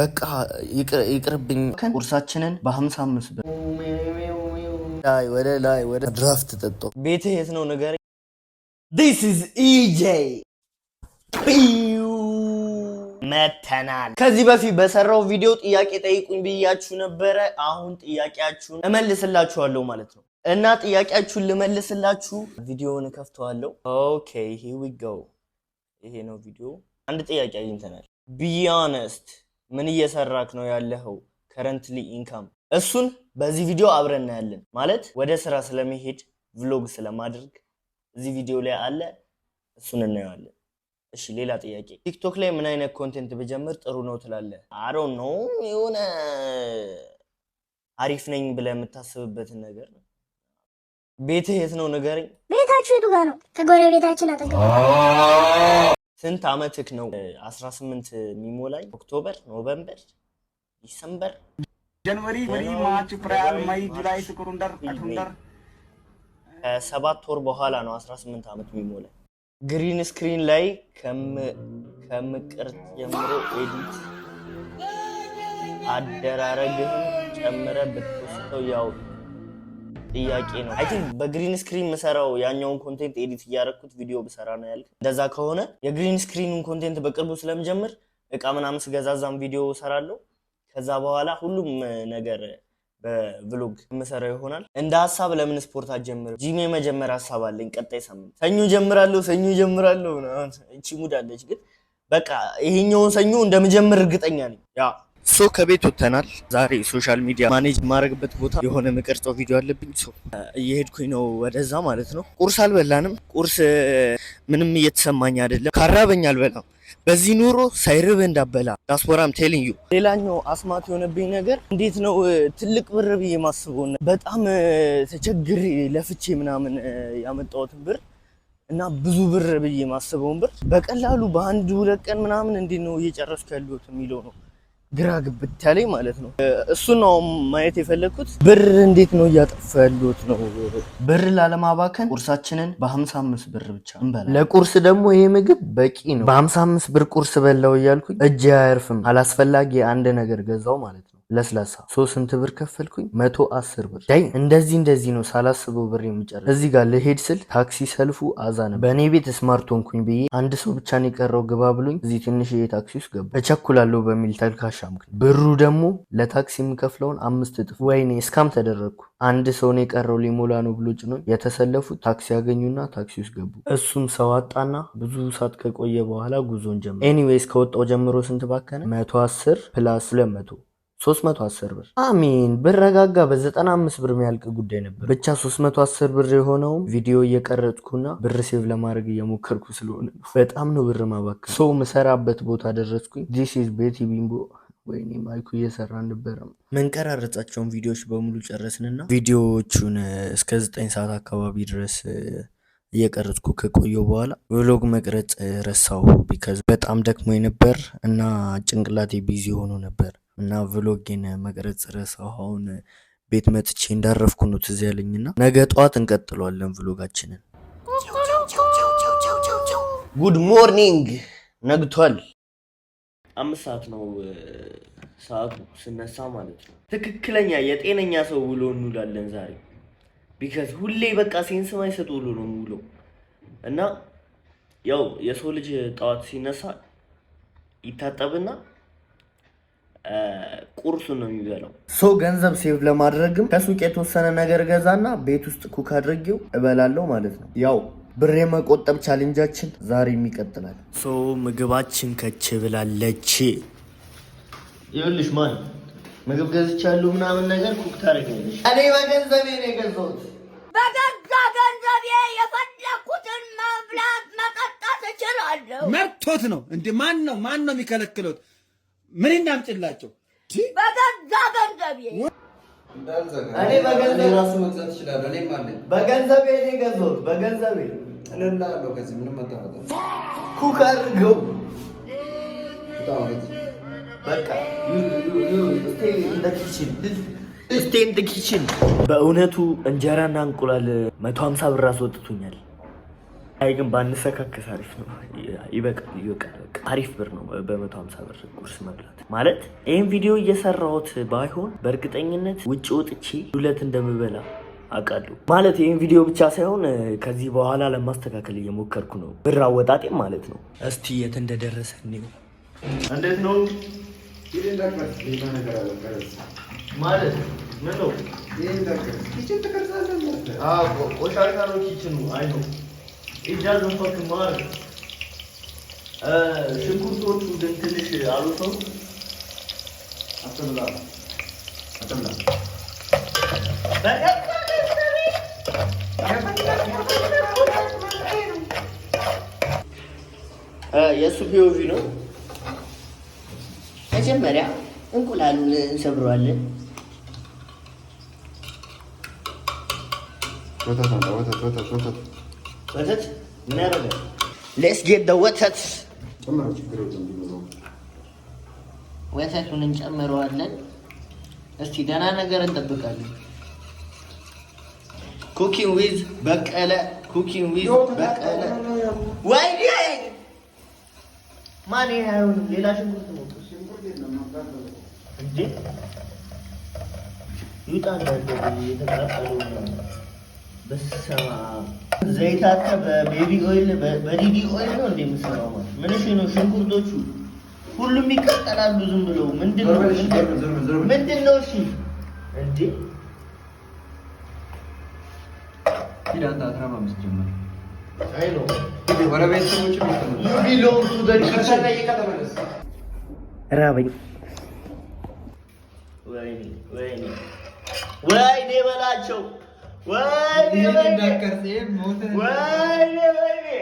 በቃ ይቅርብኝ። ቁርሳችንን በሀምሳ አምስት ብር ላይ ወደ ላይ ወደ ድራፍት ጠጦ ቤት የት ነው ነገር ኢጄ e መተናል። ከዚህ በፊት በሰራው ቪዲዮ ጥያቄ ጠይቁኝ ብያችሁ ነበረ። አሁን ጥያቄያችሁን እመልስላችኋለሁ ማለት ነው እና ጥያቄያችሁን ልመልስላችሁ ቪዲዮውን እከፍተዋለሁ። ኦኬ ጎ። ይሄ ነው ቪዲዮ። አንድ ጥያቄ አግኝተናል። ቢያነስት ምን እየሰራክ ነው ያለኸው ከረንትሊ ኢንካም እሱን በዚህ ቪዲዮ አብረን እናያለን። ማለት ወደ ስራ ስለመሄድ ቭሎግ ስለማድረግ እዚህ ቪዲዮ ላይ አለ፣ እሱን እናየዋለን። እሺ፣ ሌላ ጥያቄ፣ ቲክቶክ ላይ ምን አይነት ኮንቴንት ብጀምር ጥሩ ነው ትላለህ? አሮ ነው የሆነ አሪፍ ነኝ ብለህ የምታስብበትን ነገር ነው። ቤትህ የት ነው ንገረኝ። ቤታችሁ የቱ ነው? ከጎረቤታችን አጠገብ ስንት አመትክ ነው? 18 የሚሞላኝ ኦክቶበር፣ ኖቨምበር፣ ዲሰምበር፣ ጀንወሪ፣ ወሪ፣ ማርች፣ ፕራል፣ ማይ፣ ጁላይ፣ ስኩሩንደር፣ አቱንደር ከሰባት ወር በኋላ ነው 18 አመት የሚሞላኝ። ግሪን ስክሪን ላይ ከምቅርጽ ጀምሮ ኤዲት አደራረግህን ጨምረ ብትወስደው ያው ጥያቄ ነው። አይ ቲንክ በግሪን ስክሪን የምሰራው ያኛውን ኮንቴንት ኤዲት እያደረግኩት ቪዲዮ ብሰራ ነው ያልክ። እንደዛ ከሆነ የግሪን ስክሪኑን ኮንቴንት በቅርቡ ስለምጀምር እቃ ምናምን ስገዛዛም ቪዲዮ ሰራለሁ። ከዛ በኋላ ሁሉም ነገር በቭሎግ የምሰራው ይሆናል። እንደ ሀሳብ ለምን ስፖርት አጀምር ጂም የመጀመር ሀሳብ አለኝ። ቀጣይ ሳምንት ሰኞ ጀምራለሁ፣ ሰኞ ጀምራለሁ። እቺ ሙድ አለች ግን በቃ ይሄኛውን ሰኞ እንደምጀምር እርግጠኛ ነኝ ያ ሶ ከቤት ወጥተናል። ዛሬ ሶሻል ሚዲያ ማኔጅ የማድረግበት ቦታ የሆነ ምቀርጸው ቪዲዮ አለብኝ። ሶ እየሄድኩኝ ነው ወደዛ ማለት ነው። ቁርስ አልበላንም። ቁርስ ምንም እየተሰማኝ አይደለም። ካራበኝ አልበላም። በዚህ ኑሮ ሳይርብ እንዳበላ ዳስፖራም ቴልዩ። ሌላኛው አስማት የሆነብኝ ነገር እንዴት ነው ትልቅ ብር ብዬ ማስበው በጣም ተቸግሬ ለፍቼ ምናምን ያመጣሁትን ብር እና ብዙ ብር ብዬ ማስበውን ብር በቀላሉ በአንድ ሁለት ቀን ምናምን እንዴት ነው እየጨረስኩ ያለሁት የሚለው ነው ግራ ግብት ያለኝ ማለት ነው። እሱን ነው ማየት የፈለግኩት። ብር እንዴት ነው እያጠፋ ያሉት ነው። ብር ላለማባከን ቁርሳችንን በ55 ብር ብቻ እንበላ። ለቁርስ ደግሞ ይሄ ምግብ በቂ ነው። በ55 ብር ቁርስ በላው እያልኩኝ እጅ አያርፍም። አላስፈላጊ አንድ ነገር ገዛው ማለት ነው። ለስላሳ ሶ ስንት ብር ከፈልኩኝ? መቶ አስር ብር ዳይ። እንደዚህ እንደዚህ ነው ሳላስበው ብር የምጨርስ። እዚህ ጋር ልሄድ ስል ታክሲ ሰልፉ አዛ ነበር። በእኔ ቤት ስማርት ሆንኩኝ ብዬ አንድ ሰው ብቻ ነው የቀረው ግባ ብሎኝ እዚህ ትንሽ ይሄ ታክሲ ውስጥ ገባ። እቸኩላለሁ በሚል ተልካሻ ምክንያት ብሩ ደግሞ ለታክሲ የምከፍለውን አምስት እጥፍ። ወይኔ እስካም ተደረግኩ። አንድ ሰው ነው የቀረው ሊሞላ ነው ብሎ ጭኖኝ የተሰለፉት ታክሲ ያገኙና ታክሲ ውስጥ ገቡ። እሱም ሰው አጣና ብዙ ሰዓት ከቆየ በኋላ ጉዞን ጀመረ። ኤኒዌይስ ከወጣው ጀምሮ ስንት ባከነ? መቶ አስር ፕላስ ሁለት መቶ 310 ብር አሚን ብረጋጋ በ95 ብር የሚያልቅ ጉዳይ ነበር። ብቻ 310 ብር የሆነውም ቪዲዮ እየቀረጥኩና ብር ሴቭ ለማድረግ እየሞከርኩ ስለሆነ በጣም ነው ብር ማባከ ሰው ምሰራበት ቦታ ደረስኩኝ። ዲስ ኢዝ ቤቲ ቢምቦ። ወይኔ ማይኩ እየሰራ አልነበረም። መንቀራረጻቸውን ቪዲዮዎች በሙሉ ጨረስንና ቪዲዮዎቹን እስከ 9 ሰዓት አካባቢ ድረስ እየቀረጽኩ ከቆዩ በኋላ ቪሎግ መቅረጽ ረሳሁ። ቢከዝ በጣም ደክሞኝ ነበር እና ጭንቅላቴ ቢዚ ሆኖ ነበር። እና ቭሎጌን መቅረጽ ረሳሁ። አሁን ቤት መጥቼ እንዳረፍኩ ነው ትዝ ያለኝና ነገ ጠዋት እንቀጥለዋለን ቭሎጋችንን። ጉድ ሞርኒንግ ነግቷል። አምስት ሰዓት ነው ሰዓቱ ስነሳ ማለት ነው። ትክክለኛ የጤነኛ ሰው ውሎ እንውላለን ዛሬ ቢከዝ ሁሌ በቃ ሴንስ ማይሰጥ ውሎ ነው ውሎ እና ያው የሰው ልጅ ጠዋት ሲነሳ ይታጠብና ቁርሱ ነው የሚበላው። ሰው ገንዘብ ሴቭ ለማድረግም ከሱቅ የተወሰነ ነገር ገዛና ቤት ውስጥ ኩክ አድርጌው እበላለሁ ማለት ነው። ያው ብሬ መቆጠብ ቻሌንጃችን ዛሬም ይቀጥላል። ሰው ምግባችን ከች ብላለች። ይኸውልሽ ማን ምግብ ገዝቻለሁ ምናምን ነገር ኩክ ታደርጊያለሽ። እኔ በገንዘቤ ነው የገዛሁት። በገዛ ገንዘቤ የፈለኩትን መብላት መጠጣት እችላለሁ። መርቶት ነው እንደ ማን ነው ማን ነው የሚከለክሉት? ምን እናምጭላቸው? በገዛ ገንዘቤ እኔ በገንዘብ ራሱ መግዛት ይችላል። እኔ አለኝ በገንዘቤ እኔ ገዛሁት በገንዘቤ እልልሃለሁ። ከዚህ ምንም መታፈጠ ኩክ አድርገው በቃ ስቴንድ ኪችን በእውነቱ እንጀራና እንቁላል መቶ ሀምሳ ብር አስወጥቶኛል። አይ ግን ባንሰካከስ አሪፍ ነው። ይበቃል፣ ይበቃል። አሪፍ ብር ነው በመቶ ሀምሳ ብር ቁርስ መብላት ማለት። ይህን ቪዲዮ እየሰራሁት ባይሆን በእርግጠኝነት ውጭ ወጥቼ ዱለት እንደምበላ አውቃለሁ። ማለት ይህን ቪዲዮ ብቻ ሳይሆን ከዚህ በኋላ ለማስተካከል እየሞከርኩ ነው፣ ብር አወጣጤም ማለት ነው። እስቲ የት እንደደረሰ እኔው እንዴት ነው ማለት ምን ነው ኢዳዝን ፈክ ማር ሽንኩርቶቹ ግን ትንሽ አሉተው አትብላ አትብላ የእሱ ፒኦቪ ነው። መጀመሪያ እንቁላሉን እንሰብረዋለን። ወተት ወተት ወተት ወተት ወተት ምን ያደርጋል? ጌት ዘ ወተት ወተቱን እንጨምረዋለን። እስቲ ደህና ነገር እንጠብቃለን። ኩኪንግ ዊዝ በቀለ ኩኪንግ ዊዝ በቀለ ወይ ማን ሌላ ሽንኩርት ነው ይውጣ በሰማ ዘይታተ በቤቢ ኦይል በዲዲ ኦይል ነው እንደ የምሰራው ማለት ምን ነው። ሽንኩርቶቹ ሁሉም ይቀጠላሉ ዝም ብለው ምንድን ነው እሺ እንዴ ራበኝ። ወይኔ በላቸው ወይ एक डॉक्टर से मुंह से वाले वाले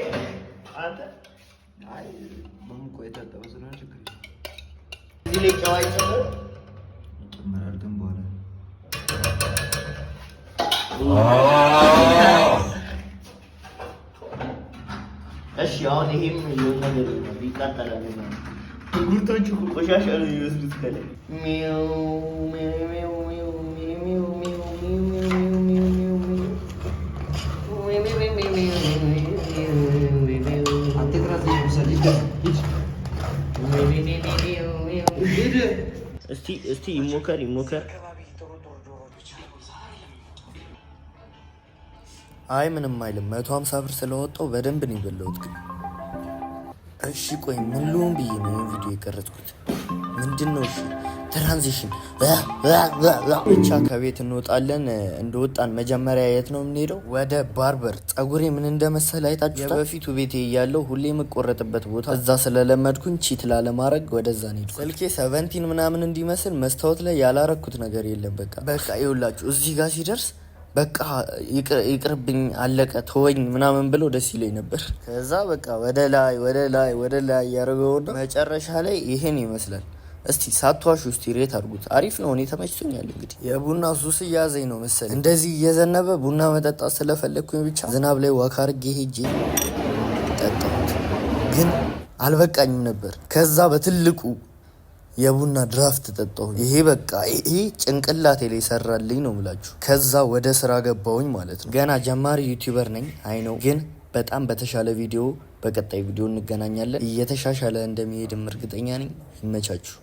आता ay bamko yeter daha sonra çıkıyor. Dile kavay çalı. Bunlar erken bu ara. أشيائهم مليون مليون بيتا تلاميذ. قلت أشوف وش أشعر يوسف ميو ميو ميو እስቲ እስቲ ይሞከር ይሞከር። አይ ምንም አይልም። መቶ ሀምሳ ብር ስለወጣው በደንብ ነው የበላሁት። ግን እሺ ቆይ ምን ልሁን ብዬ ነው ቪዲዮ የቀረጽኩት ምንድን ነው? እሺ ትራንዚሽን ብቻ ከቤት እንወጣለን። እንደወጣን መጀመሪያ የት ነው የምንሄደው? ወደ ባርበር። ጸጉሬ ምን እንደመሰለ አይታችሁ በፊቱ ቤቴ ያለው ሁሌ የምቆረጥበት ቦታ እዛ ስለለመድኩኝ ቺት ላለማድረግ ወደዛ ሄድ። ስልኬ ሰቨንቲን ምናምን እንዲመስል መስታወት ላይ ያላረኩት ነገር የለም። በቃ በቃ ይውላችሁ እዚህ ጋር ሲደርስ በቃ ይቅርብኝ፣ አለቀ፣ ተወኝ ምናምን ብሎ ደስ ይለኝ ነበር። ከዛ በቃ ወደ ላይ ወደ ላይ ወደ ላይ ያደርገውና መጨረሻ ላይ ይሄን ይመስላል። እስቲ ሳቷሽ ውስጥ ሬት አድርጉት። አሪፍ ነው፣ እኔ ተመችቶኛል። እንግዲህ የቡና ሱስ እያዘኝ ነው መሰለኝ። እንደዚህ እየዘነበ ቡና መጠጣት ስለፈለግኩኝ ብቻ ዝናብ ላይ ዋካ አድርጌ ሄጄ ጠጣሁት፣ ግን አልበቃኝም ነበር። ከዛ በትልቁ የቡና ድራፍት ጠጣሁ። ይሄ በቃ ይሄ ጭንቅላቴ ላይ ሰራልኝ ነው ምላችሁ። ከዛ ወደ ስራ ገባሁኝ ማለት ነው። ገና ጀማሪ ዩቲዩበር ነኝ አይ ነው፣ ግን በጣም በተሻለ ቪዲዮ በቀጣይ ቪዲዮ እንገናኛለን። እየተሻሻለ እንደሚሄድም እርግጠኛ ነኝ። ይመቻችሁ።